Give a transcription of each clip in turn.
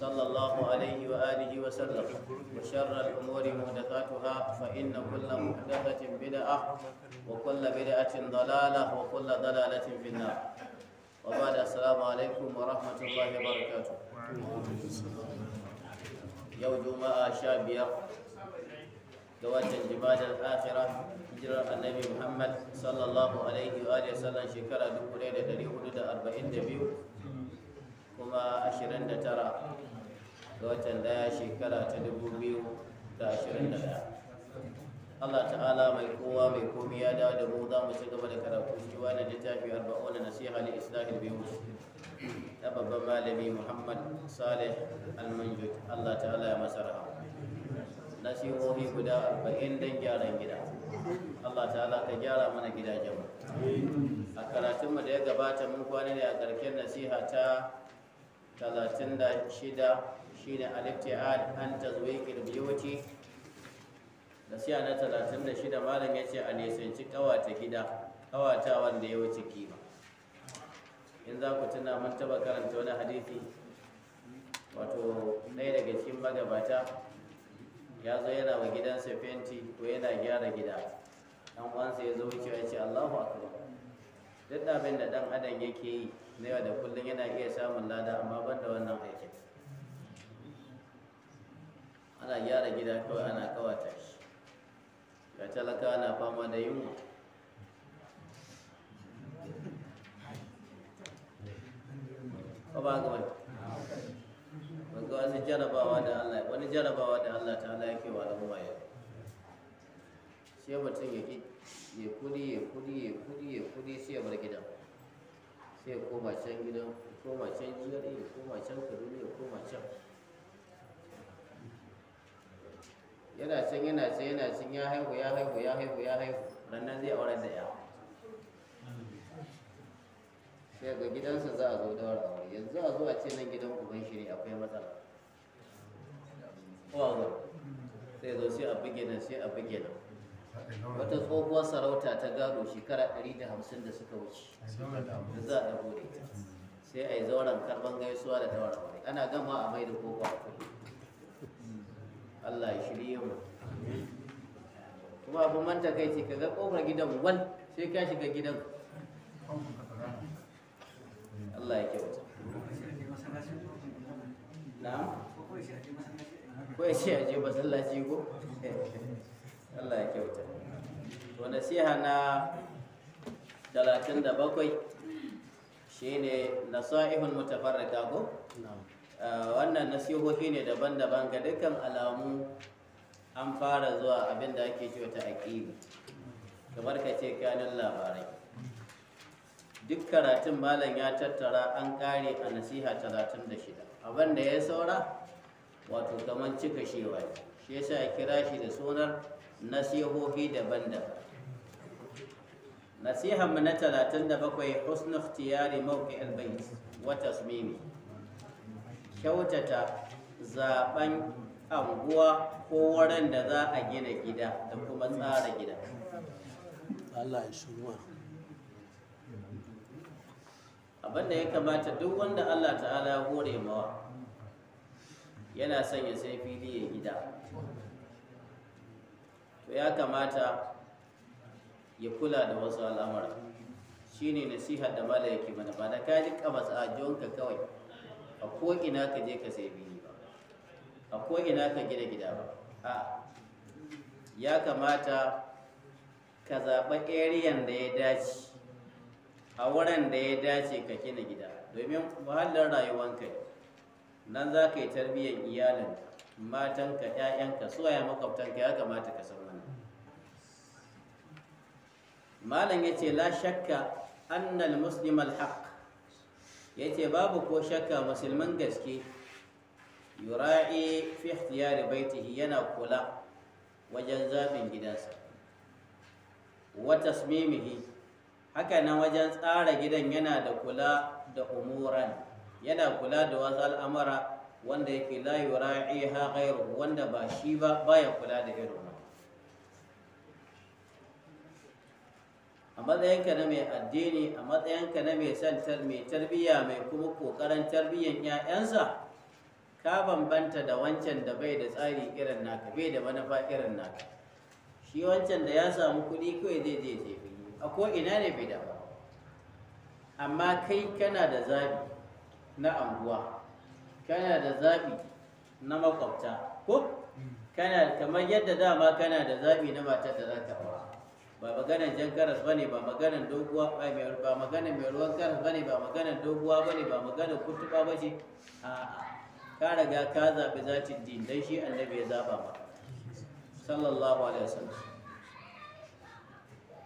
صلى الله عليه وآله وسلم وشر الأمور محدثاتها فإن كل محدثة بدعة وكل بدعة ضلالة وكل ضلالة في النار وبعد السلام عليكم ورحمة الله وبركاته يوم جمعة شابية دوات الجبال الآخرة hijirar annabi muhammad sallallahu alaihi wa sallam shekara 1442 kuma 29 da watan daya shekara ta 2021 Allah ta'ala mai kowa mai komi ya dawo da mu za mu ci gaba da karatu shi na littafi arba'una nasiha li islahil bimus na babban malami Muhammad Saleh Almanjud Allah ta'ala ya masa rahama nasihohi guda 40 dan gyaran gida Allah ta'ala ka gyara mana gidajenmu a karatun mu da ya gabata mun kwana ne a ƙarshen nasiha ta talatin da shida shine al an tazwiqil biyuti da siya na talatin da shida malam ya ce a nisanci kawata gida kawata wanda ya wuce kima in za ku tuna mun taba karanta wani hadithi? wato ɗaya daga cikin magabata ya zo yana wa gidansa fenti ko yana gyara gida dan uwansa ya zo wuce ya ce allahu akbar duk abin da dan adam yake yi na yau da kullum yana iya samun lada amma ban da wannan aikin ana gyara gida kawai ana kawata shi ga talaka na fama da yunwa ko ba ga wani ga wasu jarabawa da Allah wani jarabawa da Allah ta Allah yake wa al'umma yau sai mutum ya ki ya kudi ya kudi ya kudi ya kudi sai ya bar gidan sai koma can gidan koma can koma can kaduna ya koma can yana can yana can yana can ya haihu ya haihu ya haihu ya haihu rannan zai aure da ya sai ga gidansa za a zo aure yanzu a zo a ce nan gidan uban shi ne akwai matsala ko a zo sai zo sai a buge nan sai a buge nan wata tsohuwar sarauta ta gado shekara 150 da suka wuce da za a dago da ita sai a yi zauren karban gaisuwa da daura aure ana gama a mai da kofa a kuɗi Allah ya shirye mu kuma abin manta kai ce ka ga kofar gidan wal sai ka shiga gidan Allah ya kyauta na'am ko ya ce a je masallaci ko Allah ya kyauta to nasiha na 37 shine nasaihun mutafarrika ko ah, wannan nasihohi ne daban-daban ga dukkan alamu an fara zuwa abin da ake cewa a aƙibi kamar ka ce kanin labarai duk karatun malam ya tattara an ƙare a nasiha 36 abin da ya saura wato kamar cika shewa shi yasa ya kira shi da sunar nasihohi daban-daban nasiha mu na bakwai husnu ikhtiyari mawqi albayt wa tasmimi kyautata zaben anguwa ko wurin da za a gina gida da kuma tsara gida Allah ya shirwa abinda ya kamata duk wanda Allah ta'ala hore mawa yana son ya sai fili ya gida to ya kamata ya kula da wasu al'amura Shi shine nasihar da mala yake mana ba da ka rika ka kawai a ko'ina ka je ka sai bini ba a ko'ina ka gida gida ba a ya kamata ka zaɓa ariyan da ya dace a wurin da ya dace ka gina gida domin muhallin rayuwanka nan za ka yi tarbiyyar iyalin matanka 'ya'yanka suwaya makwabtanka ya kamata ka san malam ya ce la shakka annal muslim alhaq ya ce babu ko shakka musulman gaske yura'i fi ikhtiyari baitihi yana kula wajen zaɓin gidansa wa tasmimihi haka nan wajen tsara gidan yana da kula da umuran yana kula da wasu al'amura wanda yake la yura'iha ghairu wanda ba shi ba baya kula da irin matsayinka na mai addini a matsayinka na mai santar mai tarbiyya mai kuma kokarin tarbiyyar 'ya'yansa ka bambanta da wancan da bai da tsari irin naka bai da manufa irin naka shi wancan da ya samu kuɗi kawai zai je je a ko ina ne bai da ba amma kai kana da zabi na anguwa kana da zabi na makwabta ko kana kamar yadda dama kana da zabi na matar da za ka ba maganan jan karas ba ne ba maganan doguwa ba maganan mai ruwan karas ba ne ba maganan doguwa ba ne ba maganan kutuba ba ce ka riga ka zaɓi zatin din dai shi annabi ya zaɓa ba sallallahu alaihi wasallam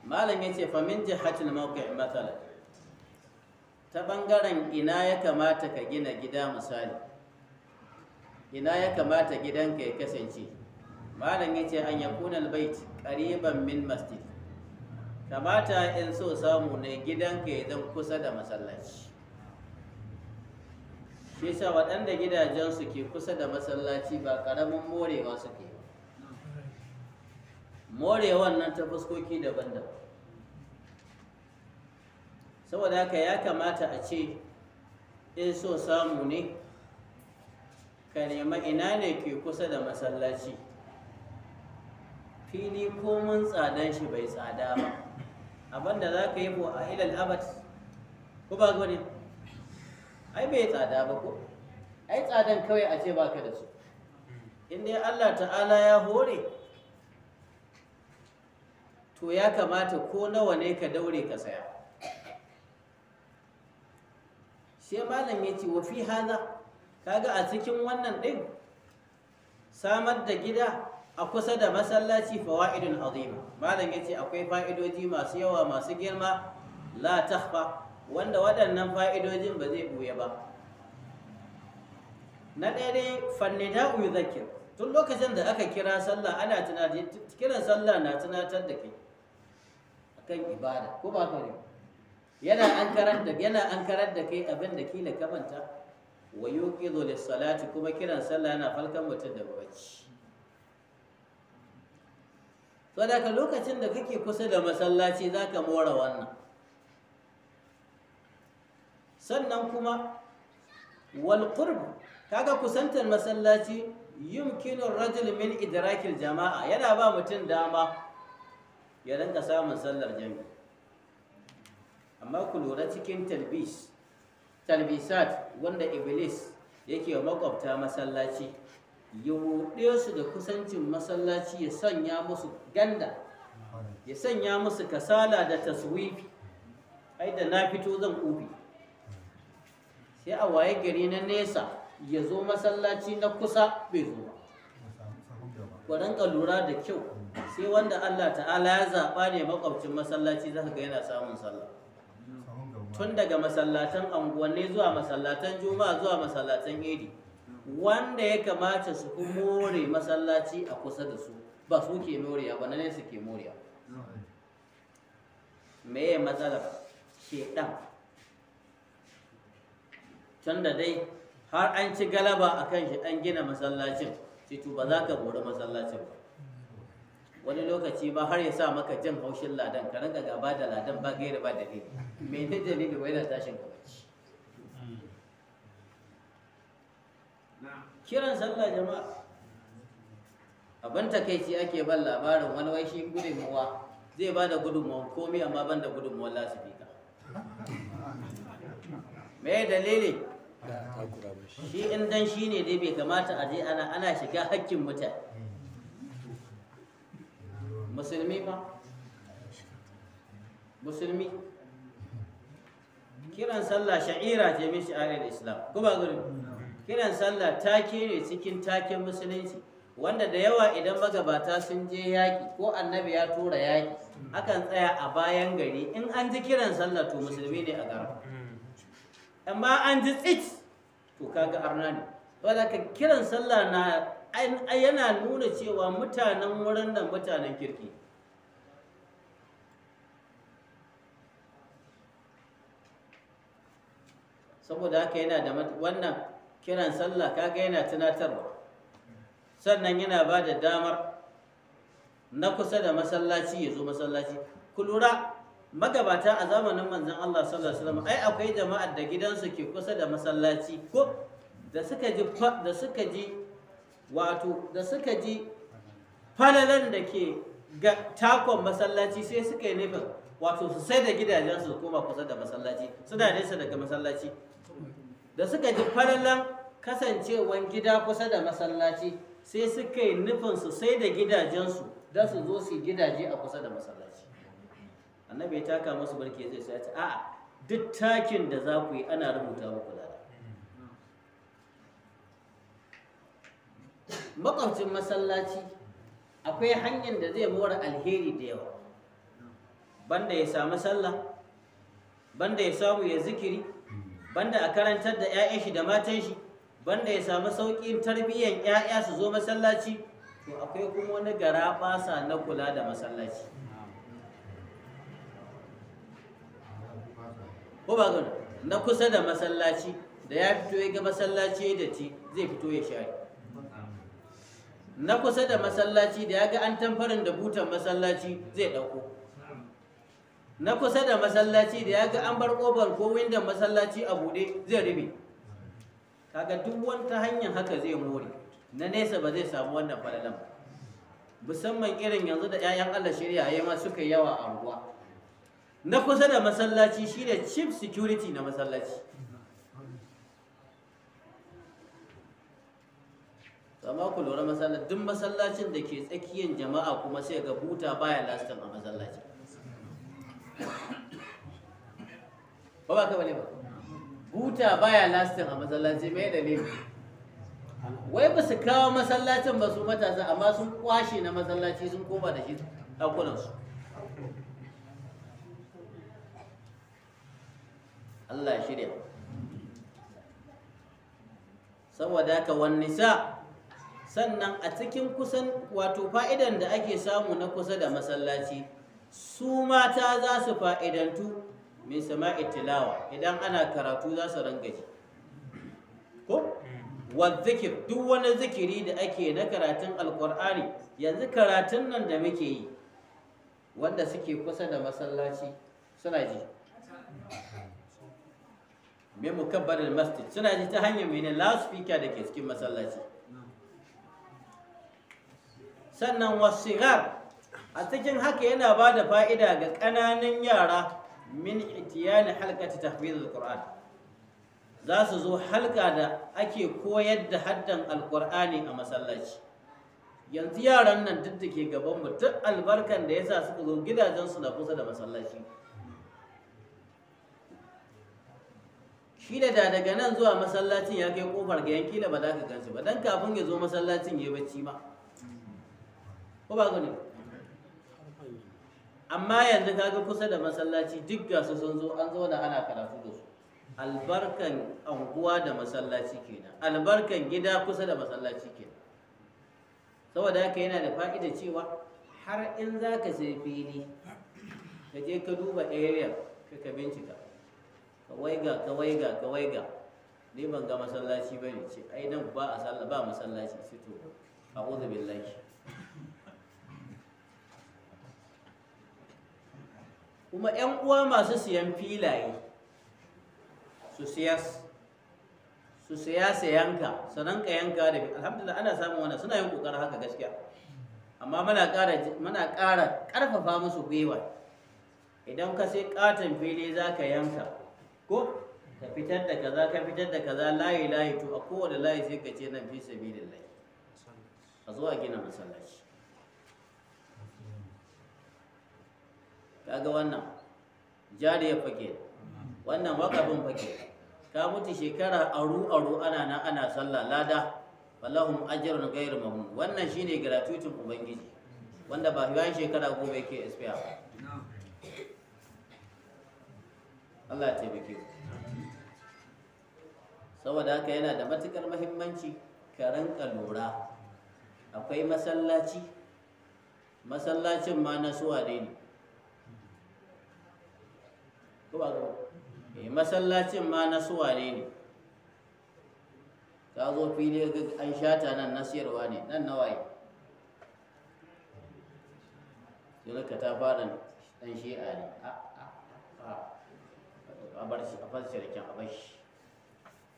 malam yace fa min jihatil mawqi' matalan ta bangaren ina ya kamata ka gina gida misali ina ya kamata gidanka ya kasance malam yace an yakuna albayt qariban min masjid kamata in so samu ne gidanka ya zan kusa da masallaci shi sa waɗanda su ke kusa da masallaci ba ƙaramin morewa suke morewan nan ta fuskoki daban-daban saboda haka ya kamata a ce in so samu ne ka nema ina ne ke kusa da masallaci fili komin tsadan shi bai tsada ba abinda za ka yi ko a ilal abad ko ba gwani ai bai tsada ba ko ai tsadan kawai a ce baka da su in Allah ta'ala ya hore to ya kamata ko nawa ne ka daure ka saya sai malam ya ce wa fi haza kaga a cikin wannan din? samar da gida a kusa da masallaci fawa'idun azima malam yace akwai fa'idoji masu yawa masu girma la tahfa wanda waɗannan fa'idojin ba zai buya ba na ɗaya dai fannida zakir tun lokacin da aka kira sallah ana tunatar kiran sallah na tunatar da kai akan ibada ko ba ka ne yana an karar da yana an karar da kai abin da kila ka manta wa yuqidhu lis-salati kuma kiran sallah yana falkan mutum da bacci So da lokacin da kake kusa da masallaci za ka more wannan sannan kuma wal qurb ga kusantar masallaci yumkinu rajul min idrakil jama'a yana ba mutum dama ya rinka samun sallar jami'a amma ku lura cikin talbis talbisat wanda iblis yake wa makwabta masallaci ya su da kusancin masallaci ya sanya musu ganda ya sanya musu kasala da taswifi ai da na fito zan ƙufi sai a waye gari na nesa ya zo masallaci na kusa bai zo ba lura da kyau sai wanda Allah ta'ala ya zaɓa ne makwabcin masallaci za ga yana samun sallah tun daga masallatan anguwanni zuwa masallatan juma'a zuwa masallatan idi wanda ya kamata su fi more masallaci a kusa da su ba su ke moriya ba na su ke moriya meye matsalar shedan can da dai har an ci galaba a kan shi an gina masallacin titu ba za ka bori masallacin ba wani lokaci ba har ya sa maka jin haushin ladan ka rinka gaba da ladan ba gaira ba dalili mene dalili wai na tashin gabaci kiran sallah jama'a abin takaici ake ban labarin wani wai shi gudunmuwa zai ba da komai komi amma ban da gudunmuwan lasifika me dalili shi in dan shi ne dai bai kamata a je ana ana shiga hakkin mutane musulmi ba musulmi kiran sallah sha'ira ce mai shi'arar islam ko ba gurin kiran sallah take ne cikin taken musulunci wanda da yawa idan magabata sun je yaƙi ko annabi ya tura yaƙi akan tsaya a bayan gari in an ji kiran sallah to musulmi ne a garin amma an ji tsit to kaga arna ne wanda ka kiran sallah na yana nuna cewa mutanen wurin nan mutanen kirki saboda haka yana da wannan kiran sallah kaga yana tunatarwa sannan yana ba da damar na kusa da masallaci ya zo masallaci ku lura magabata a zamanin manzon Allah sallallahu alaihi wasallam ai akwai jama'ar da gidansu ke kusa da masallaci ko da suka ji da suka ji wato da suka ji falalan da ke ga takon masallaci sai suka yi nufin wato su sai da gidajensu su koma kusa da masallaci suna nesa daga masallaci da suka ji falalan kasancewan gida kusa da masallaci sai suka yi nufin su sai da gidajensu don su zo su gidaje a kusa da masallaci annabi ya taka musu barke zai sai ce a'a duk takin da za ku yi ana rubuta muku da makwabcin masallaci akwai hanyar da zai mora alheri da yawa banda ya samu sallah banda ya samu ya zikiri banda a karantar da 'ya'yan shi da matan shi banda ya samu sauƙin tarbiyyar 'ya'ya su zo masallaci to akwai kuma wani gara basa na kula da masallaci ko ba gano na kusa da masallaci da ya fito ya ga masallaci da ci zai fito ya share na kusa da masallaci da ya ga an tamfarin da butan masallaci zai ɗauko na kusa da masallaci da ya ga an bar ƙofar ko windon masallaci a buɗe zai rube kaga duk wata hanyar haka zai more na nesa ba zai samu wannan falalan ba musamman irin yanzu da 'ya'yan Allah shirya ya ma suka yawa a unguwa na kusa da masallaci shine chief security na masallaci amma ku lura masallaci duk masallacin da ke tsakiyar jama'a kuma sai ga buta baya lastan a masallaci ba ba ka bane ba buta baya lastin a masallaci mai dalili wai ba su kawo masallacin ba su matasa amma sun kwashe na masallaci sun koma da shi ɗakunansu Allah ya shirya saboda ka wani sa sannan a cikin kusan wato fa'idan da ake samu na kusa da masallaci su mata za su fa'idantu mai sama'i tilawa idan ana karatu za su rangaji ko wa duk wani zikiri da ake na karatun alkur'ani yanzu karatun nan da muke yi wanda suke kusa da masallaci suna ji mai mukabbalin masjid suna ji ta hanyar mai ne loudspeaker da ke cikin masallaci sannan wasu a cikin haka yana ba da fa'ida ga ƙananan yara min itiyani halkati tahfizul qur'an za su zo halka da ake koyar da haddan alqur'ani a masallaci yanzu yaran nan duk da ke gaban mu duk albarkan da yasa suka zo gidajensu na kusa da masallaci shi da daga nan zuwa masallacin ya kai kofar ga yanki da ba za ka gansu ba dan kafin ya zo masallacin ya bacci ma ko ba ne amma yanzu kaga kusa da masallaci duk gasu sun zo an zo da ana karatu da su albarkan anguwa da masallaci kenan albarkan gida kusa da masallaci kenan saboda haka yana da fa'ida cewa har in za ka sai fili ka je ka duba area ka ka bincika ka waiga ka waiga ka waiga ni ban ga masallaci ba ne ce ai nan ba a sallah ba masallaci fito a'udhu billahi kuma 'yan uwa masu siyan filaye su siyas su siya sanan ka yanka da alhamdulillah ana samun wannan suna yin kokarin haka gaskiya amma muna ƙara muna ƙarfafa musu gwiwa idan ka sai katon fili za ka yanka ko ka fitar da kaza ka fitar da kaza layi layi to a kowane layi sai ka ce nan fi sabilillah a zo a gina masallaci kaga wannan jariya fage wannan wakafin fage ka mutu shekara aru aru ana na ana sallah lada walahum ajrun ghayr mamnun wannan shine gratuitin ubangiji wanda ba yayin shekara gobe yake expire Allah ya tabbake ku saboda haka yana da matukar muhimmanci ka ranka lura akwai masallaci masallacin ma na suwa ne ne eh, masallacin ma na suwa ne ne ka zo fili an shata nan na siyarwa ne nan na waye sai ta fara dan shi'a ne a a bar shi a fasa shirkin a bar shi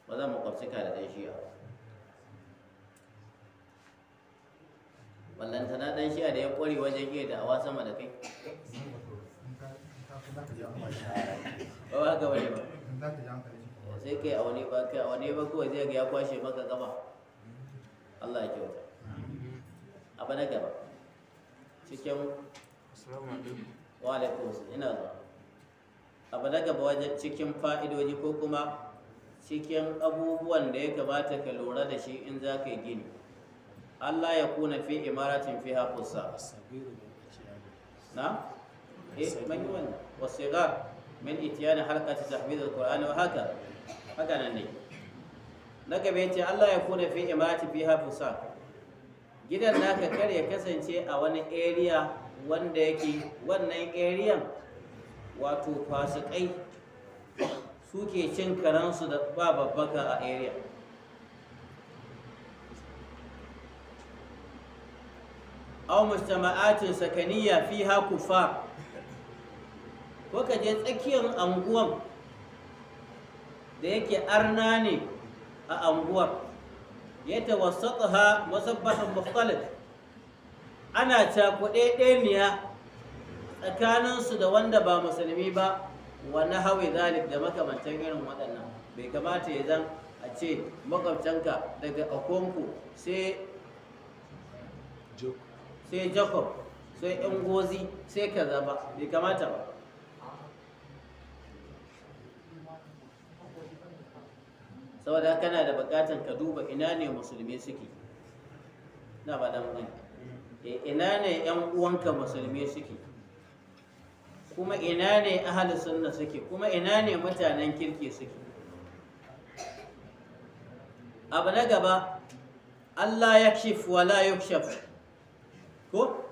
ba za mu kwafsika da dan shi'a ballantana dan shi'a da ya kware wajen iya da awa sama da kai ba ba ba sai kai a wani ba kai a wani ba zai ga ya kwashe maka gaba Allah ya kyauta abu na gaba cikin wa ina zuwa abu na gaba wajen cikin fa'idoji ko kuma cikin abubuwan da ya kamata ka lura da shi in za ka yi gini Allah ya kuna fi imaratin fi haƙusa na? من يون والصغار من إتيان حلقة تحفيظ القرآن وهكذا هكذا ني نك بيتي الله gidan naka kar ya kasance a wani area wanda yake wannan area wato fasikai suke cin karansu da ba babbaka a area aw mujtama'atin sakaniya fiha kufar ko ka je tsakiyar anguwan da yake arna ne a anguwar ya tawassata ha musabbahan mukhtalif ana cakuɗe tsakanin tsakaninsu da wanda ba musulmi ba wani hawi zalik da makamantan irin waɗannan bai kamata ya zan a ce makwabcanka daga akonku sai jacob sai ingozi sai kaza ba bai kamata ba saboda kana da bukatan ka duba ina ne musulmi suke na ba da mun eh, ina ne yan uwanka musulmi suke kuma ina ne ahli sunna suke kuma ina ne mutanen kirki suke abu na gaba Allah ya kshif wala yukshaf ko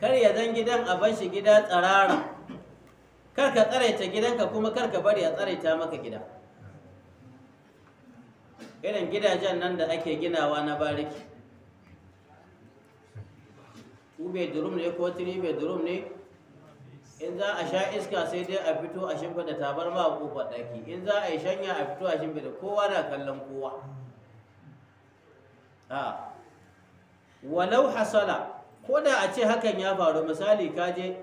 kar ya zan gidan a bar shi gida tsarara kar ka tsaraita gidanka kuma kar ka bari a tsaraita maka gida irin gidajen nan da ake ginawa na bariki ube durum ne ko be durum ne in za a sha iska sai dai a fito a shimfa da tabarma a kofar daki in za a yi shanya a fito a shimfa da kowa na kallon kowa wa walau hasala ko da a ce hakan ya faru misali kaje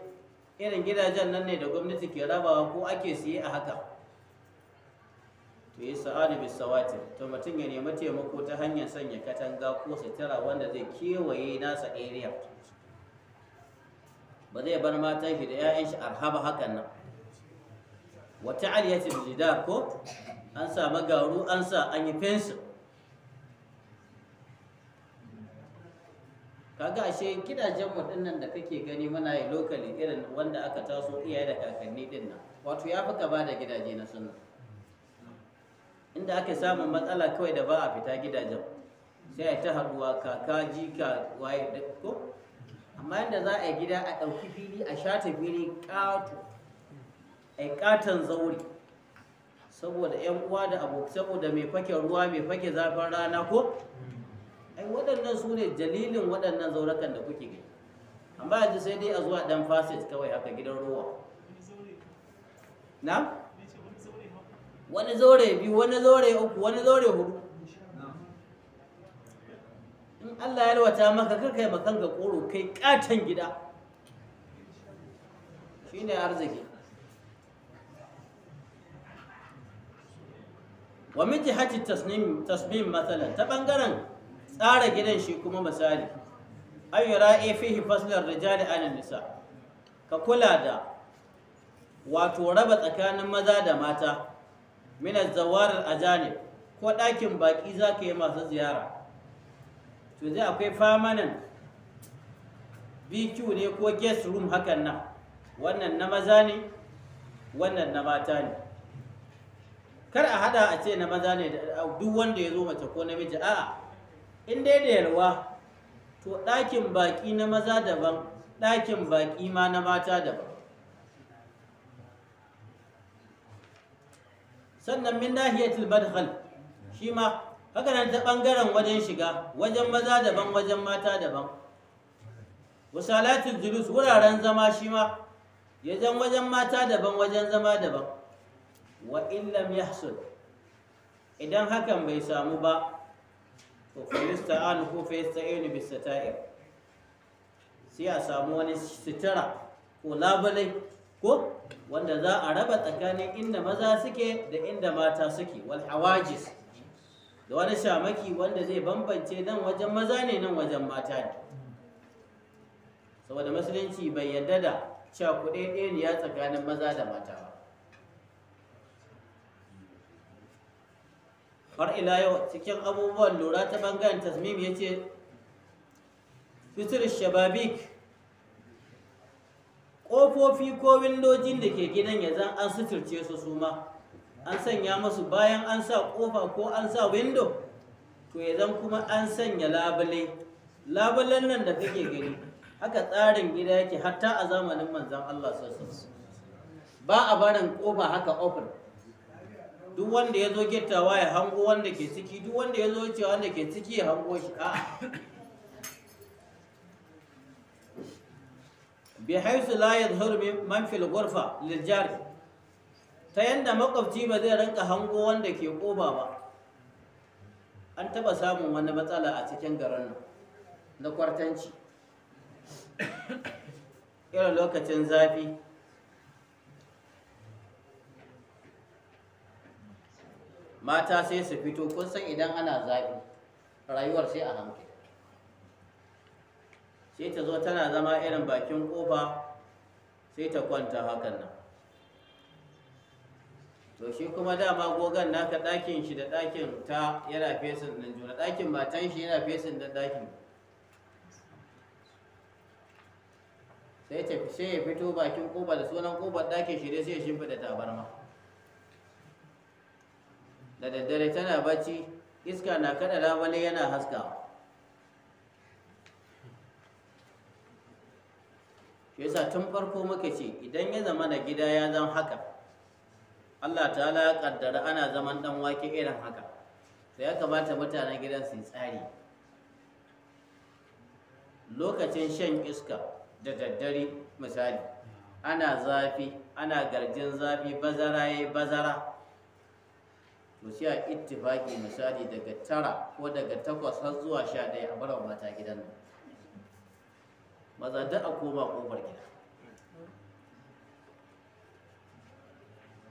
irin gidajen nan ne da gwamnati ke rabawa ko ake siye a haka to yi sa'adu bi sawatir to mutum ya nemi taimako ta hanyar sanya katanga ko sutura wanda zai kewaye nasa area ba zai bar matan shi da 'ya'yan shi arhaba hakan nan wata ta'aliyati jidar ko an sa magaru an sa an yi fensir kaga ashe gidajen mu dinnan da kake gani muna yi lokali irin wanda aka taso iyaye da kakanni dinnan wato ya fi kaba da gidaje na sunna inda ake samun matsala kawai da ba a fita gidajen sai a ta haduwa kaka jika waye da ko amma yadda za a yi gida a ɗauki fili a shata fili ƙato a yi ƙaton zaure saboda yan uwa da abokan saboda mai fake ruwa mai fake zafin rana ko ai waɗannan su ne jalilin waɗannan zaurakan da kuke gani amma yanzu sai dai a zuwa ɗan fasit kawai haka gidan ruwa na wani zaure biyu wani zaure uku wani zaure hudu in Allah ya lwata maka kar kai makan ga koro kai katan gida shine arziki wa min jihati tasnim tasbim masalan ta ɓangaren tsara gidan shi kuma misali ay ra'i fihi faslan rijali an nisa ka kula da wato raba tsakanin maza da mata min zawarar ajanib ko ɗakin baƙi za ka yi masu ziyara to zai akwai famanan bq ne ko guest room hakan nan wannan na maza ne wannan na mata ne kar a hada a ce na maza ne duk wanda ya zo mace ko namiji a'a in dai da yalwa to ɗakin baƙi na maza daban ɗakin baƙi ma na mata daban sannan min nahiyatul badkhal shi ma haka nan ta bangaren wajen shiga wajen maza daban wajen mata daban wasalatul julus wuraren zama shi ma yajen wajen mata daban wajen zama daban wa illam yahsul idan hakan bai samu ba to fa ko fa yasta'inu sata'ir sai a samu wani sitara ko labulai ko wanda za a raba tsakanin inda maza suke da inda mata suke wal hawajis da wani shamaki wanda zai bambance nan wajen maza ne nan wajen mata ne saboda musulunci bai yarda da cakuɗe ɗaya tsakanin maza da mata ba har ila yau cikin abubuwan lura ta bangaren tasmim ya ce fitir shababik ƙofofi ko windojin da ke gidan ya zan an suturce su su ma an sanya masu bayan an sa ƙofa ko an sa windo to ya zan kuma an sanya labule labulen nan da kake gani haka tsarin gida yake hatta a zamanin manzan Allah sosai ba a barin ƙofa haka open duk wanda ya zo gittawa ya hango wanda ke ciki duk wanda ya zo cewa wanda ke ciki ya hango shi a'a bihaisu la yadhhur man fil ghurfa lil ta yanda makwabci ba zai rinka hango wanda ke koba ba an taba samun wani matsala a cikin garin nan na kwartanci irin lokacin zafi mata sai su fito kun san idan ana zafi rayuwar sai a hankali sai ta zo tana zama irin bakin kofa sai ta kwanta hakan nan to shi kuma dama gogon naka ɗakin shi da ɗakin ta yana fesin nan, juna ɗakin matan shi yana fesin nan ɗakin sai ta sai ya fito bakin kofa da sunan kofar ɗakin shi dai sai ya shimfiɗa tabarma da daddare tana bacci iska na kaɗa rawale yana haskawa yasa tun farko muka ce idan ya zama da gida ya zan haka Allah ta'ala ya kaddara ana zaman dan wake irin haka to ya kamata mutanen gidan su tsari lokacin shan iska da daddare misali ana zafi ana garjin zafi bazara ya bazara to shi a ittifaki misali daga tara ko daga takwas har zuwa sha ɗaya a bar mata gidan nan maza da a koma kofar gida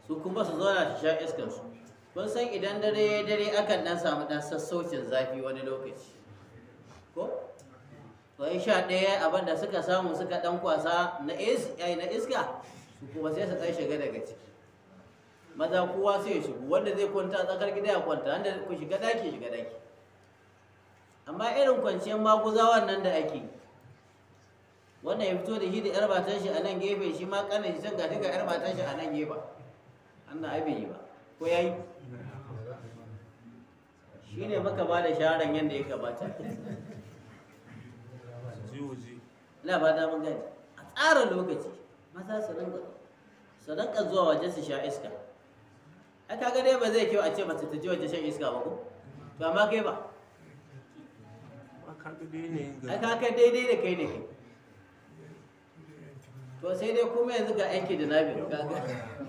su kuma su zauna su sha iskansu kun san idan dare ya dare akan dan samu dan sassaucin zafi wani lokaci ko to sha ɗaya abin da suka samu suka dan kwasa na iska su kuma sai su dan shiga daga ciki maza kowa sai ya shigo wanda zai kwanta tsakar gida ya kwanta wanda ku shiga daki shiga daki amma irin kwanciyar maguzawan nan da ake yi wannan ya fito da shi da yar matan shi a nan gefe shi ma kanin shi can gashi ga yar matan shi a nan gefe annan ai bai yi ba ko yayi shine muka ba da sharan yadda ya kamata ina ba da mun gani a tsara lokaci maza su rinka su rinka zuwa waje su sha iska ai kaga dai ba zai kyau a ce mace ta je waje shan iska ba ko to amma kai ba ai ka kai daidai da kai ne kai to sai dai kuma yanzu ga aiki da nabi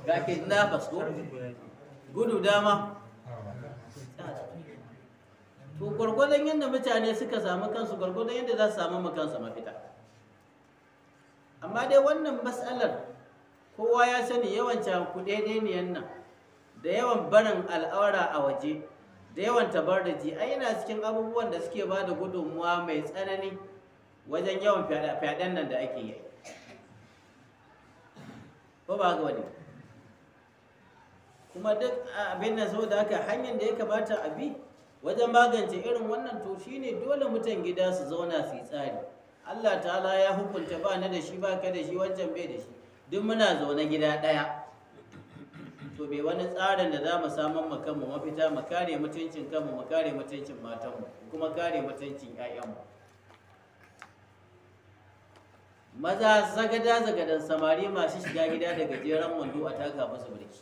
ga ke na ko gudu dama to gwargwadon yadda mutane suka samu kansu gwargwadon yadda za su samu makansa mafita amma dai wannan matsalar kowa ya sani yawan caku daidaiyan nan da yawan barin al'aura a waje da yawan da ji ai yana cikin abubuwan da suke ba da gudunmuwa mai tsanani wajen yawan fyaɗen nan da ake yi ko ba ga wani kuma duk abin nan da aka hanyar da ya kamata a bi wajen magance irin wannan to shine dole mutan gida su zauna su yi tsari Allah ta'ala ya hukunta ba na da shi ba ka da shi wancan bai da shi duk muna zaune gida ɗaya to bai wani tsarin da za mu samu mu kanmu mafita mu kare mutuncin kanmu mu kare mutuncin matanmu kuma kare mutuncin 'ya'yanmu maza zagada zagadan samari masu shiga gida da gajeren wando a taka masu birki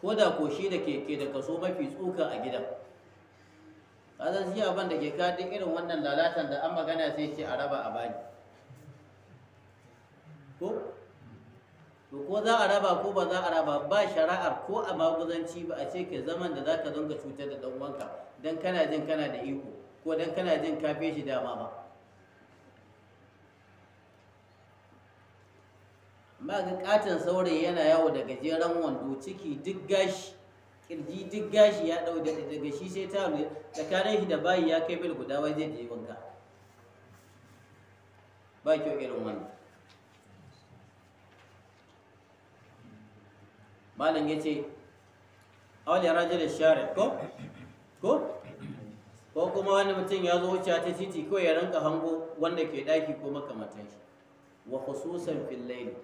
ko da koshi da keke da kaso mafi tsuka a gidan kazan shi abin da ke kadin irin wannan lalatan da an magana sai ce a raba a bani ko to za a raba ko ba za a raba ba shara'ar, ko a maguzanci ba a ce ke zaman da za ka zanga cutar da ɗan wanka don kana jin kana da iko ko dan kana jin kafe shi dama ba amma ga katon saurayi yana yawo da gajeren wando ciki duk gashi kirji duk gashi ya dau daga shi sai ta tsakanin shi da bayi ya kai bil guda wai zai je wanka ba kyau irin wannan malam yace ce rajul ya share ko ko ko kuma wani mutum ya zo wuce ta titi kawai ya rinka hango wanda ke daki ko makamantan shi wa khususan fil layl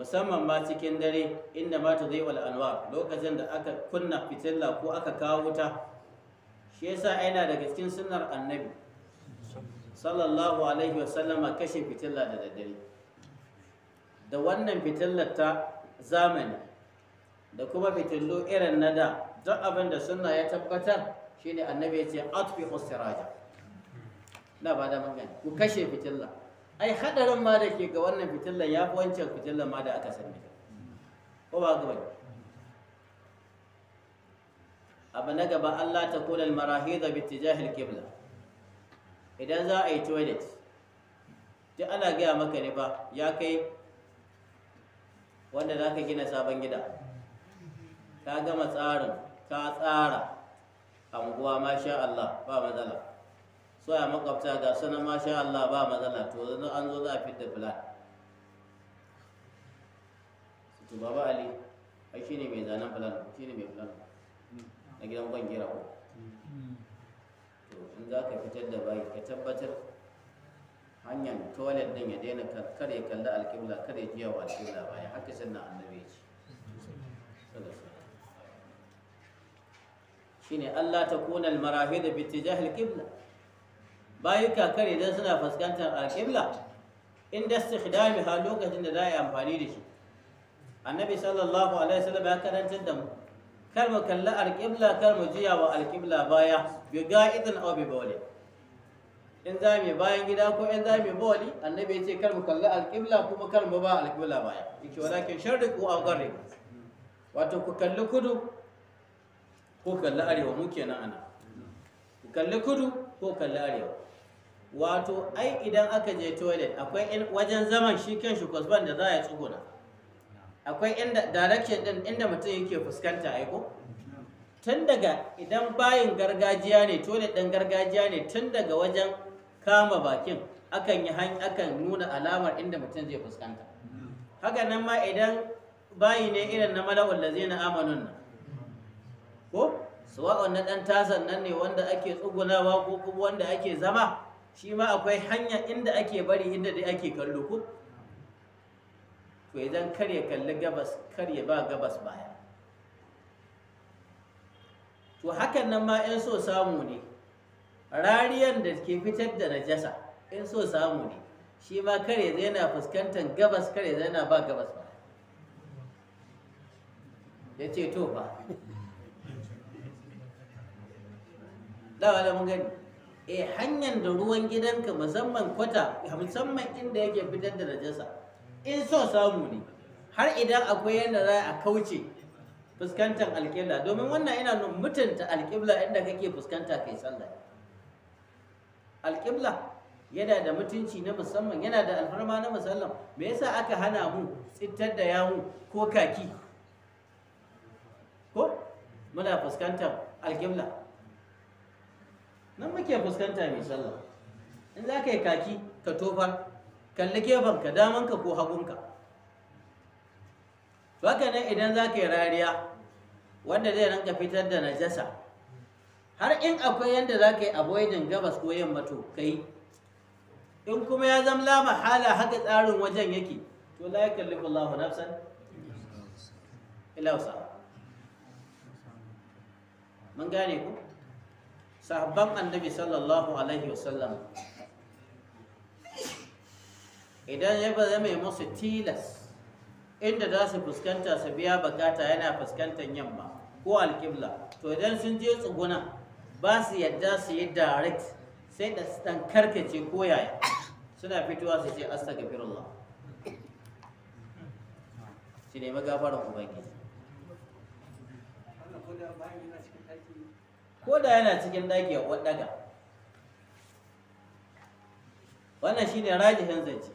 musamman ma cikin dare inda ma ta zai anwa lokacin da aka kunna fitilla ko aka kawo wuta shi yasa yana daga cikin sunnar annabi sallallahu alaihi wasallama kashe fitilla da daddare da wannan fitillar ta zamani da kuma fitilu irin na da duk abinda da sunna ya tabbatar ne annabi ce atfi'u siraja na ba da magana ku kashe fitilla ai hadarin ma da ke ga wannan fitillan ya fi wancan fitillan ma da aka sani ko ba ga abu na gaba Allah ta kula marahiza bi tijahil qibla idan za a yi toilet duk ana gaya maka ne ba ya kai wanda za ka gina sabon gida ka gama tsarin ka tsara anguwa masha Allah ba matsala so ya makwabta ga sanan masha Allah ba matsala to zan an zo za a fitar plan to baba ali ai shine mai zanen plan shine mai plan na gidan ban gira ko to in za ka fitar da bayi ka tabbatar hanyar toilet din ya daina kare ya kalli alƙibla kar ya jiya wa alƙibla ya haka sannan annabi ya ce shine Allah ta kuna almarahi da bittijah alqibla bayan kakar idan suna fuskantar alqibla inda istikhdamiha lokacin da za a yi amfani da shi annabi sallallahu alaihi wasallam ya karantar da mu kar mu kalli alqibla kar mu jiya wa alqibla baya bi ga'idin aw bi bawli in za mu bayan gida ko in za mu bawli annabi ya ce kar mu kalli alqibla kuma kar mu ba alqibla baya yake walakin sharriqu aw gharriqu wato ku kalli kudu ko kalli arewa mu nan ana kalli kudu ko kalli arewa wato ai idan aka je toilet akwai wajen zaman shi kan shi kwasban da za ya tsuguna akwai inda direction din inda mutum yake fuskanta aiko tun daga idan bayin gargajiya ne toilet din gargajiya ne tun daga wajen kama bakin akan yi akan nuna alamar inda mutum zai fuskanta haka nan ma idan bayi ne irin na mala'ul na amanun nan ko su na ɗan tasan nan ne wanda ake tsugunawa ko kuma wanda ake zama shi ma akwai hanya inda ake bari inda dai ake kallo ko to idan kar ya kalli gabas kar ya ba gabas baya to hakan nan ma in so samu ne rariyan da ke fitar da najasa in so samu ne shi ma kar ya na fuskantar gabas kar ya na ba gabas ba ya ce to fa da mun gani eh hanyar da ruwan gidanka musamman kwata musamman inda yake fitar da najasa in so samu ne har idan akwai yadda za a kauce fuskantar alƙibla domin wannan yana nun mutunta alƙibla inda kake fuskanta kai sallah alƙibla yana da mutunci na musamman yana da alfarma na musallam me yasa aka hana mu tsittar da yawu ko kaki ko muna fuskantar alƙibla nan muke fuskanta mai sallah in za ka yi kaki ka tofa kalli gefanka damanka ko hagunka baka nan idan za ka yi rariya wanda zai ranka fitar da najasa har in akwai yadda za ka yi avoidin gabas ko yamma to ka in kuma ya zama lama hala haka tsarin wajen yake to la yakallifu Allahu nafsan ilausa mun gane ku sahabat annabi sallallahu alaihi wasallam idan ya bada mai musu tilas inda za su fuskanta su biya bukata yana fuskantar yamma ko alƙibla to idan sun je tsuguna ba su yadda su yi direct sai da su ɗan karkace ko yaya suna fitowa su ce astagfirullah shi ne magafaran ubangiji ko da yana cikin ɗaki ya waɗaga wannan shine rajihin zance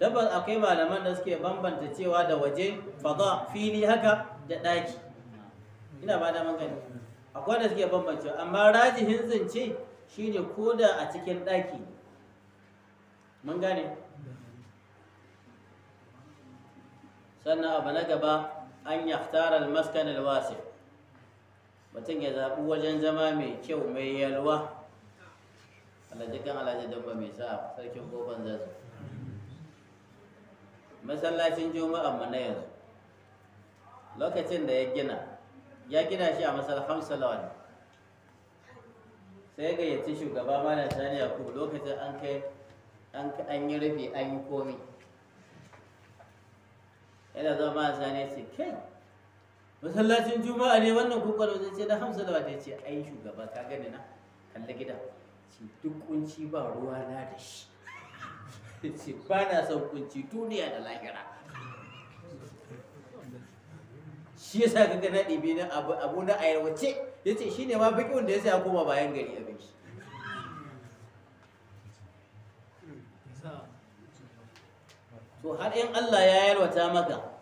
tabbas akwai malaman da suke bambanta cewa da waje fada fili haka da ɗaki ina ba da magani akwai da suke bambanta amma rajihin zance shine ko da a cikin ɗaki mun gane sannan abu na gaba an yaftarar maskanin wasif mutum ya zaɓi wajen zama mai kyau mai yalwa alajikan alhaji damba mai sa sarkin kofan zazu masallacin juma'a mu na yanzu lokacin da ya gina ya gina shi a masal hamsalawar sai ga yace shugaba na sani a ku, lokacin an kai an yi rufe an yi komi yana zama malam sani ya ce kai masallacin juma'a ne wannan kokon wajen ce da hamsa da wata ce ai shugaba ka gani na kalli gida ce duk kunci ba ruwa na da shi ce ba na son kunci duniya da lahira shi ya sa ga na ɗibi na abu na ayarwace ya ce shi ne ma bikin da ya sa koma bayan gari abin shi to har in Allah ya yarwata maka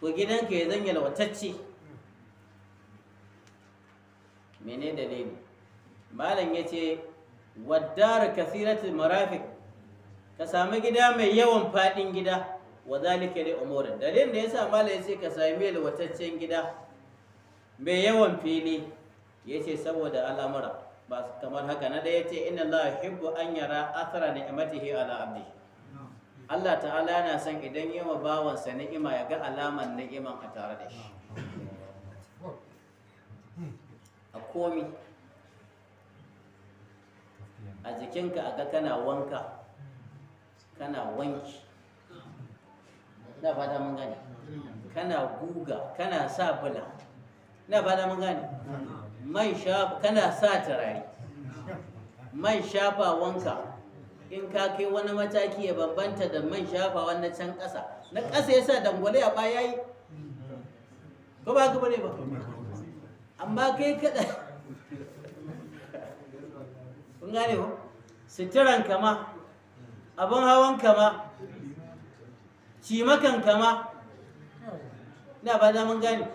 ko gidanka ya zan yalwatacce mene dalili malam ya ce waddara kasiratul marafik ka sami gida mai yawan faɗin gida wa zalika li umur dalilin da yasa malam ya ce ka sami yalwataccen gida mai yawan fili ya saboda al'amura ba kamar haka na da yace inna la yuhibbu an yara athara ni'matihi ala abdihi Allah ta'ala yana son idan yi wa bawansa ni'ima ya ga alamar ni'iman a tare da shi a komi a jikinka a ga kana wanka kana wanki na fata mun gane kana guga kana sa bula na fata mun gani. mai shafa kana sa turare man shafa wanka in ka kai wani mataki ya bambanta da man shafawa na can ƙasa na ƙasa ya sa dangwale a baya yi ko ba ka bane ba amma kai kada kun gane ba sitiran kama abin hawan kama cimakan kama ina ba da mun gane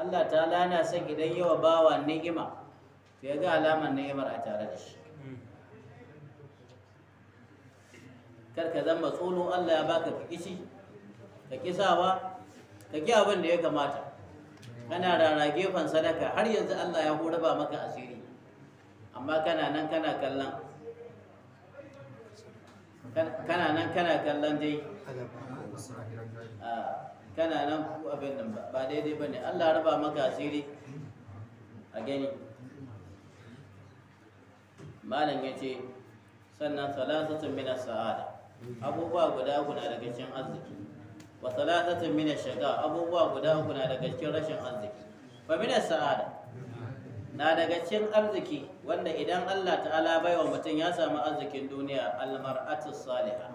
Allah ta lana son idan yawa bawa ni'ima to ya ga alamar ni'imar a tare da shi kar ka zama tsono Allah ya baka ka kishi ka kisawa ka ki abin da ya kamata kana rara gefen sadaka har yanzu Allah ya ba maka asiri amma kana nan kana kallon kana nan kana kallon dai ah, kana nan ku abin nan ba daidai ba ne Allah raba maka asiri a gani malam ya ce sannan min as sa'ada abubuwa guda guda daga cikin arziki wa salatatun min shaga abubuwa guda guda daga cikin rashin arziki fa min sa'ada na daga cikin arziki wanda idan Allah ta'ala bai wa mutum ya samu arzikin duniya almar'atu salihah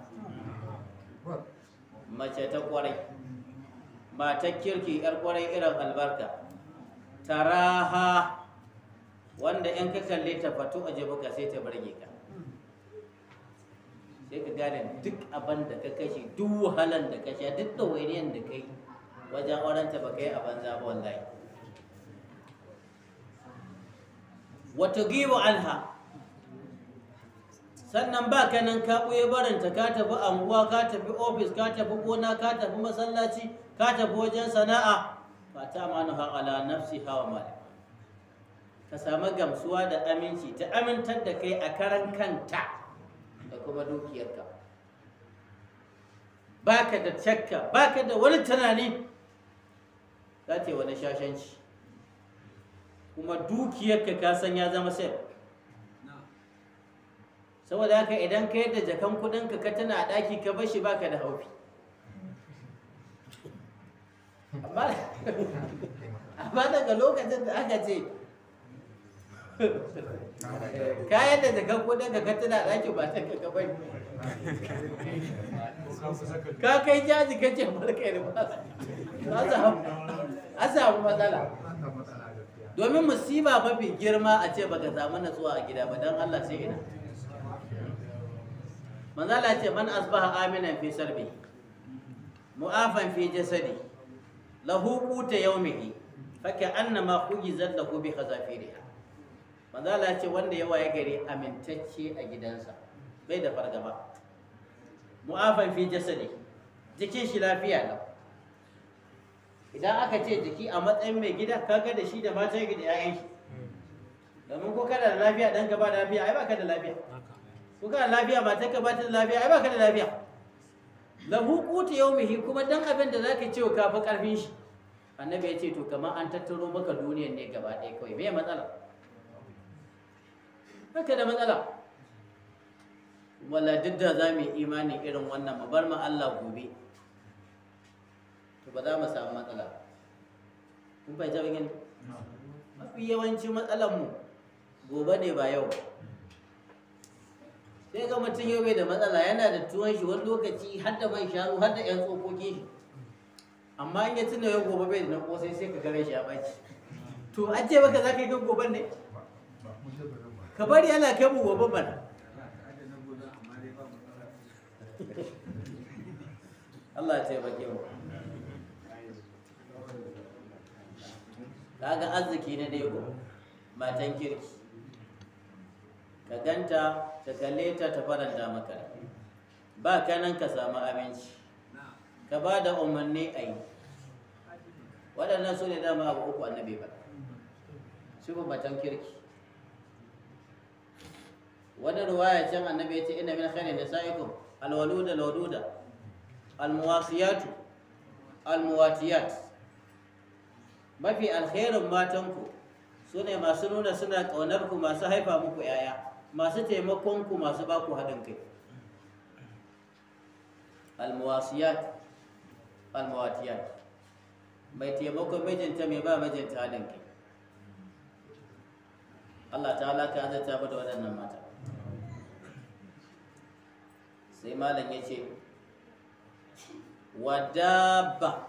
mace ta kwarai mata kirki yar kwarai irin albarka taraha wanda in ka kalle ta fatu aje jibuka sai ta burge ka sai ka gane duk abin da ka kashe duk wahalan da ka sha duk ɗawainiyan da kai wajen auranta ba kai a banza ba wallahi wata giwa anha sannan ba ka nan ka ɓuye barinta ka tafi anguwa ka tafi ofis ka tafi gona ka tafi masallaci ka tafi wajen sana'a ba ta manu ala nafsi hawa mali ka samu gamsuwa da aminci ta amintar da kai a karan kanta kuma dukiyarka baka da ba baka da wani tunani za ta yi wani shashanci kuma dukiyarka ka san ya zama sayar saboda haka idan ka yadda jakan kudinka ka tana a ɗaki ka bashi baka da haufi amma daga lokacin da aka ce kayan da daga kudin da ka tana daki ba ta ka bane ka kai jaji ka ce barka da ba samu matsala domin musiba mafi girma a ce baka samu natsuwa a gida ba don Allah sai ina manzala ce man asbaha aminan fi sarbi mu'afan fi jasadi lahu quta yawmihi fa ka annama khujizat lahu bi khazafiriha manzala ce wanda yawa ya gari amintacce a gidansa bai da fargaba mu'afan fi jasadi jikin shi lafiya lau idan aka ce jiki a matsayin mai gida kaga da shi da mata yake da yayan shi domin ko kana da lafiya dan gaba da lafiya ai ka da lafiya ko kana lafiya matan ka ba ta da lafiya ai ka da lafiya lahu qutu yawmihi kuma dan abin da zaka ce ka kafa karfin shi annabi ya ce to kamar an tattaro maka duniyar ne gaba ɗaya kawai me matsala haka da matsala wala duk da za mu yi imanin irin wannan mu bar mu Allah gobe to ba za mu samu matsala kun fahimta ba gani mafi yawancin matsalar mu gobe ne ba yau sai ga mutum yau bai da matsala yana da tuwon shi wani lokaci har da man sharu, har da yan tsokoki. shi amma in ya tuna yau gobe bai da na kosai sai ka gare shi a baki to an ce baka za ka yi gobe ne ka bari yana kai mu gobe bana Allah ya taimake mu kaga arziki na dai ko. matan kirki ka ganta ta kalle ta ta faranta maka ba ka nan ka samu abinci. ka ba da umarni a yi waɗannan su ne dama abu uku annabi ba su matan kirki wani ruwaya can annabi ya ce ina min khairin nisa'ikum alwaluda alwaduda almuwasiyatu almuwatiyat mafi alkhairin matanku su ne masu nuna suna ƙaunar ku masu haifa muku yaya masu taimakon ku masu ba ku haɗin kai almuwasiyat almuwatiyat mai taimakon mijinta mai ba mijinta haɗin kai Allah ta halaka ta da waɗannan matan. sai malam ya ce wadaba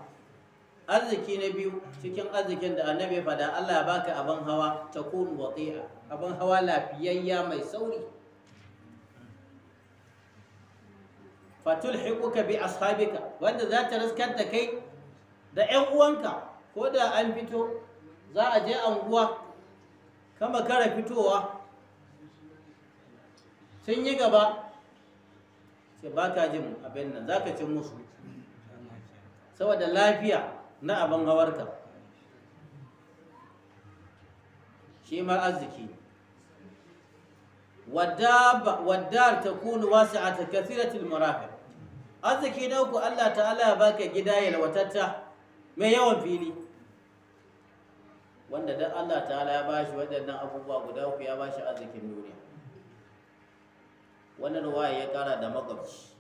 arziki na biyu cikin arzikin da annabi fada Allah baka abin hawa ta kunu waqi'a abin hawa lafiyayya mai sauri ka bi ashabika wanda za ta raskar da kai da yan uwanka ko da an fito za a je anguwa kama kara fitowa sun yi gaba Sai, ba ka jin abin nan za ka cin musu saboda lafiya na abin hawarka shi ma arziki Waddar ta kunu wasu a takasiratul marafi arziki na uku allah ta'ala ya baka gida yalwatatta mai yawan fili wanda don allah ta'ala ya bashi waɗannan abubuwa guda uku ya bashi arzikin duniya wannan ruwaya ya kara da makwabci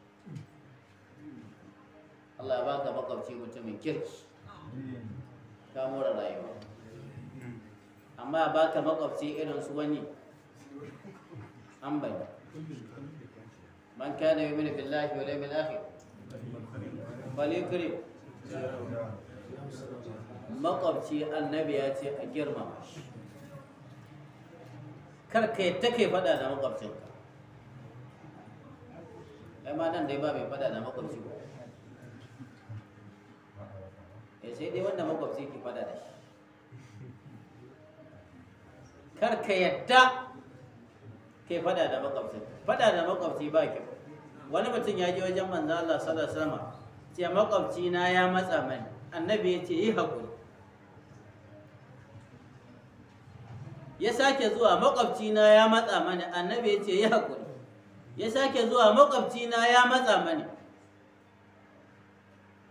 Allah ba ka makwabci mutumin kirki ta mora rayuwa amma ba ka makwabci irin su wani an bai man kana yuminu billahi wal yawmil akhir falikrim makwabci annabi ya ce a girmama kar ka yadda kai faɗa da makwabcinka ai ma nan dai ba mai fada da makwabci ba. Ya eh, sai dai wanda makwabci ke fada da shi kar ka yadda ke fada da makwabci fada da makwabci ba kyau wani mutum ya je wajen manzo Allah sallallahu alaihi wasallam ce makwabci na ya matsa mani annabi ya ce yi haƙuri ya sake zuwa makwabci na ya matsa mani annabi ya ce yi haƙuri ya sake zuwa makwabci na ya matsa mani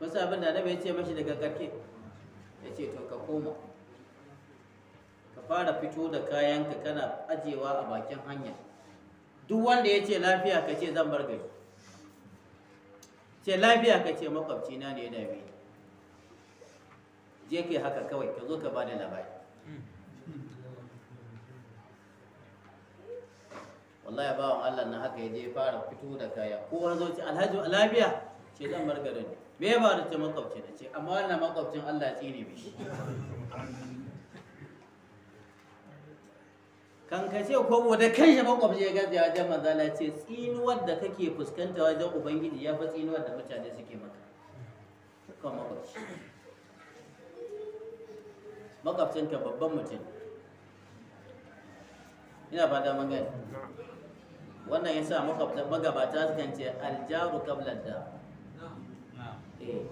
wasu abin da ya ce mashi daga karke ya ce to ka koma ka fara fito da kayanka kana ajewa a bakin hanya duk wanda ya ce lafiya ka ce zan bar gari ce lafiya ka ce makwabci ne ya biyu? je ka yi haka kawai ka zo ka ba da labari wallahi bawan Allah na haka yaje fara fito da kaya ko har zo ci alhaji lafiya ce zan bar garin me ya faru ce makwabci na ce amma wannan makwabcin Allah ya Kan ka kankace ko da kanshi makwabci ya gaza wajen manzala ce tsinuwar da kake fuskanta wajen ubangiji ya fi tsinuwar da mutane suke maka kan makwabci makwabcinka babban mutum ina fata mun gani wannan ya sa magabata su kan ce aljaru kablar da eh,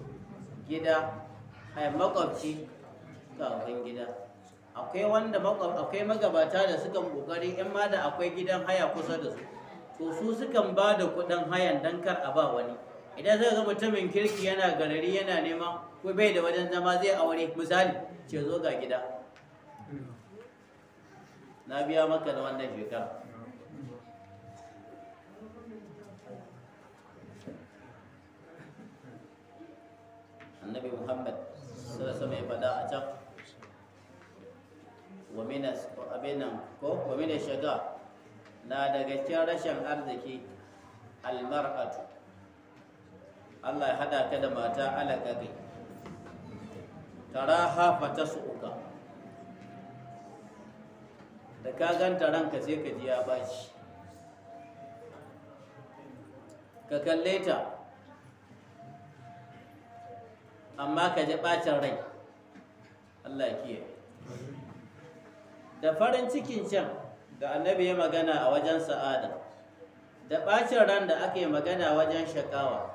gida makwabci kafin gida akwai wanda akwai magabata da sukan kokari in ma da akwai gidan haya kusa da su to su sukan ba da kudin hayan don kar a ba wani idan zai ga mutumin kirki yana garari yana nema ko bai da wajen zama zai aure misali ce zo ga gida na biya maka da wannan shekara annabi muhammad sallallahu alaihi fada a can wa shaga na daga cikin rashin arziki almar'atu Allah ya hada ka da mata alaka tara taraha fata su'uka da ka ganta ranka sai ka ji ya bashi ka kalle ta amma ka ji ɓacin rai Allah kiyaye da farin cikin can da annabi ya magana a wajen sa'ada da ɓacin ran da aka yi magana wajen shakawa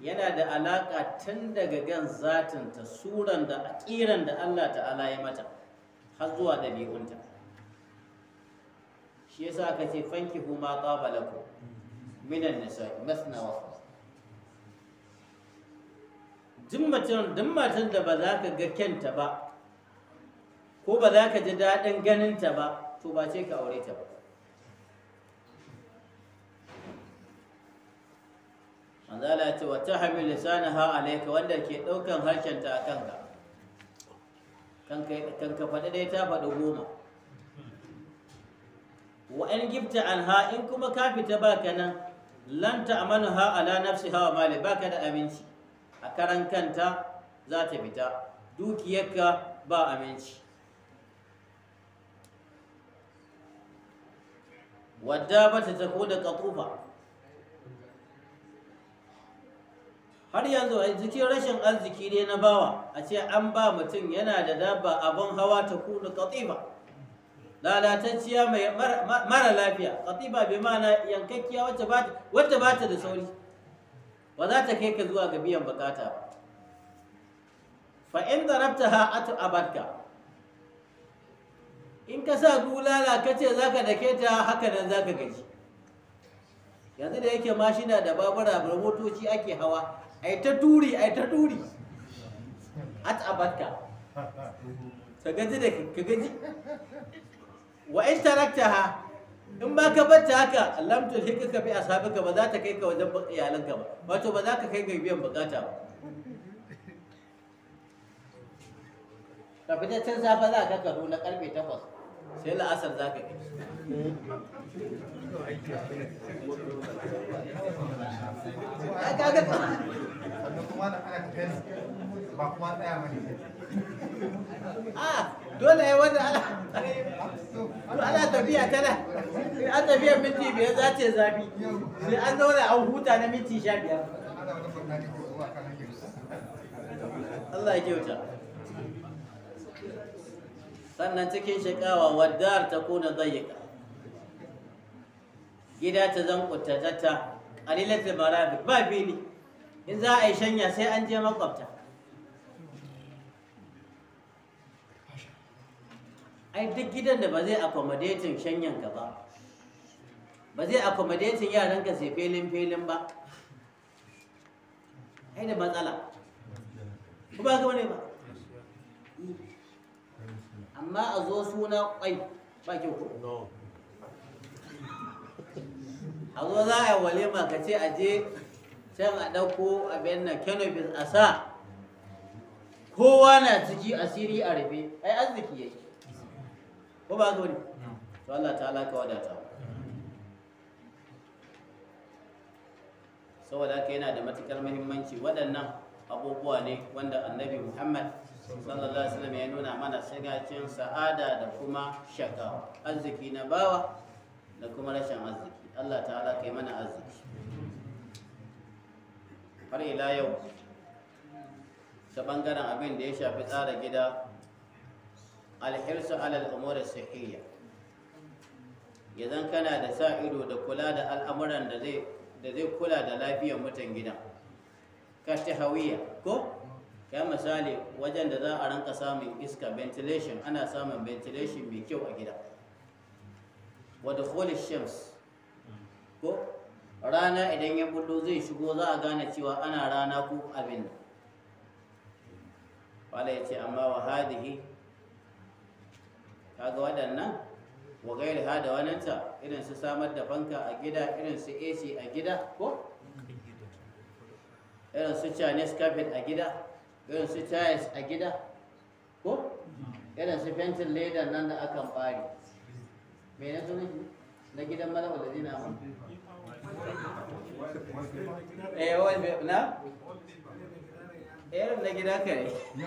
yana da alaƙa tun daga gan zatinta suran da ƙiran da Allah ta'ala ya mata har zuwa ɗabi'unta shi yasa aka ce fanki huma ƙabalaku minan nisa'i masna duk matan da ba za ka ga kyanta ba ko ba za ka ji daɗin ganinta ba to ba ce ka aure ta ba manzala ce wata hamil lisanaha alaika wanda ke ɗaukan harshenta a kanka kanka faɗi ɗaya ta faɗi goma wa an gifta anha in kuma ka fita baka nan lanta lan ta'manuha ala nafsiha wa mali baka da aminci a karan kanta za ta fita dukiyarka ba aminci wadda ba ta tako da katufa har yanzu a cikin rashin arziki ne na bawa a ce an ba mutum yana da daba abin hawa ta kuna katifa lalatacciya mara lafiya katifa bai mana yankakkiya wacce ba ta da sauri ba za ta kai ka zuwa ga biyan bukata ba fa in zarabta ha atu abarka in ka sa gulala ka ce za ka dake ta haka nan za ka gaji yanzu da yake mashina da babura bar motoci ake hawa ai ta turi ai ta turi at abatka ka gaji da ka gaji wa in tarakta ha. in ba ka bata haka Allah to ka ka bi ashabinka ba za ta kai ka wajen iyalanka ba wato ba za ka kai ga biyan bukata ba kafin can safa za ka karo na karfe takwas sai la'asar za ka yi dole ya wanda ana tafiya tana an tafiya minti biyar za ce zafi sai an zauna an huta na minti sha biyar Allah ya kyauta sannan cikin shakawa waddar ta kuna zayyaka gida ta zan ta ƙalilar da ba fili in za a yi shanya sai an je makwabta ai duk gidan da ba zai accommodating shanyan ka ba ba zai accommodating yaran ka sai filin filin ba ai da matsala ba ga wani ba amma a zo suna kwai ba kyau ko a zo za a yi walima ka ce a je can a ɗauko abin na cannabis a sa kowa na ciki asiri a rufe ai arziki yake ko ba zo ne to Allah ta alaka wadata saboda haka yana da matukar muhimmanci waɗannan abubuwa ne wanda annabi Muhammad sallallahu alaihi wasallam ya nuna mana sigacin sa'ada da kuma shakawa arziki na bawa da kuma rashin arziki Allah ta'ala kai mana arziki har ila yau ta bangaren abin da ya shafi tsara gida alhirsu alal umuri sihiyya yanzu kana da sa ido da kula da al'amuran da zai kula da lafiyar mutan gidan ka ta hawiya ko ya misali wajen da za a ranka samun iska ventilation ana samun ventilation mai kyau a gida wadda holy shams ko rana idan ya bullo zai shigo za a gane cewa ana rana ko abin wala ya ce amma wa hadihi ga waɗannan wa gairi ha da wananta irin su samar da fanka a gida irin su ac a gida ko irin su chinese carpet a gida irin su tiles a gida ko irin su fentin ledar nan da akan bari mai na suna na gidan mara da zina ma eh wani na irin eh, na gida ka ne.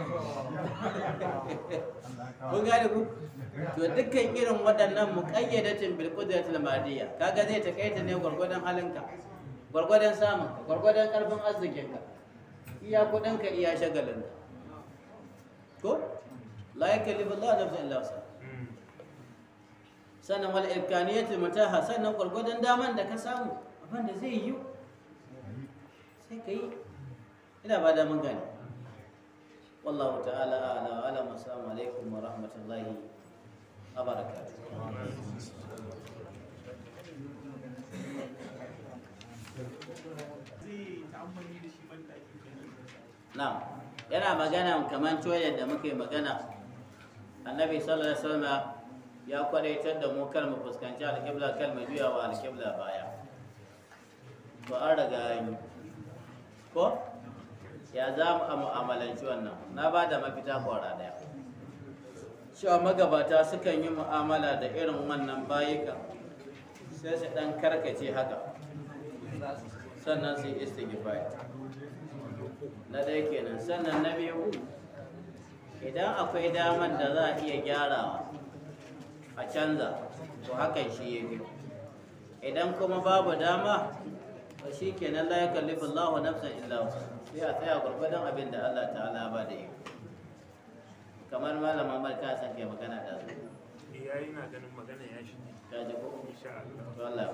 kun gane ku to dukkan irin waɗannan muƙayyadatin bil qudratil madiyya kaga zai takaita ne gwargwadon halinka gwargwadon samun gwargwadon karfin arzikinka iya kudinka iya shagalin ko la yakallifu Allah nafsan illa wusa sannan wal imkaniyatul mataha sannan gwargwadon daman da ka samu abin da zai yi sai ka yi ina ba daman gani wallahu ta'ala ala wa ala assalamu alaikum wa rahmatullahi wa barakatuh na yana magana kamar coyar da muke magana annabi sallallahu alaihi wasallam ya kwadaitar da mu kar fuskanci alƙibla kar mu juya wa alƙibla baya to an riga yi ko ya za mu a mu'amalanci wannan na ba da mafita kwara daya cewa magabata sukan yi mu'amala da irin wannan bayika sai su ɗan karkace haka sannan su yi istighfar na kenan sannan na biyu idan akwai damar da za a iya gyarawa a canza to hakan shi ya fi idan kuma babu dama to shi kenan la ya kallifi Allah nafsan illa sai a tsaya gurbadan abin da Allah ta'ala ba da yi kamar malama barka san ke magana da su ya yi na ganin magana ya shi ta ji insha Allah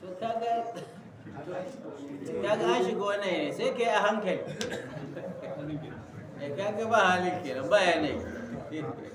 to kaga kaga an shiga wannan yanayi sai ka yi a hankali eh, kaga ba halin kenan ba yanayi